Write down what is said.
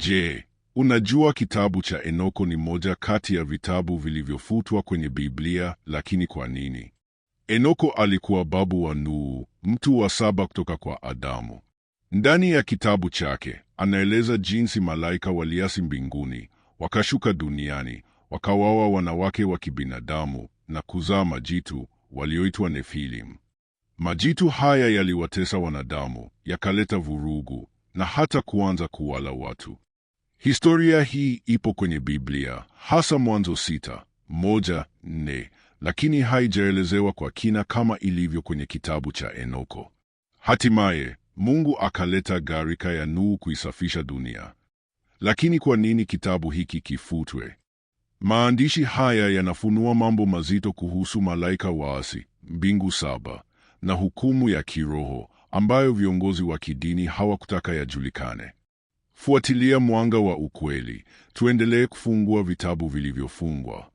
Je, unajua kitabu cha Enoko ni moja kati ya vitabu vilivyofutwa kwenye Biblia, lakini kwa nini? Enoko alikuwa babu wa Nuhu, mtu wa saba kutoka kwa Adamu. Ndani ya kitabu chake anaeleza jinsi malaika waliasi mbinguni, wakashuka duniani, wakawawa wanawake wa kibinadamu na kuzaa majitu walioitwa Nefilim. Majitu haya yaliwatesa wanadamu, yakaleta vurugu na hata kuanza kuwala watu. Historia hii ipo kwenye Biblia, hasa Mwanzo sita moja nne lakini haijaelezewa kwa kina kama ilivyo kwenye kitabu cha Enoko. Hatimaye Mungu akaleta gharika ya Nuhu kuisafisha dunia. Lakini kwa nini kitabu hiki kifutwe? Maandishi haya yanafunua mambo mazito kuhusu malaika waasi, mbingu saba na hukumu ya kiroho ambayo viongozi wa kidini hawakutaka yajulikane. Fuatilia mwanga wa ukweli, tuendelee kufungua vitabu vilivyofungwa.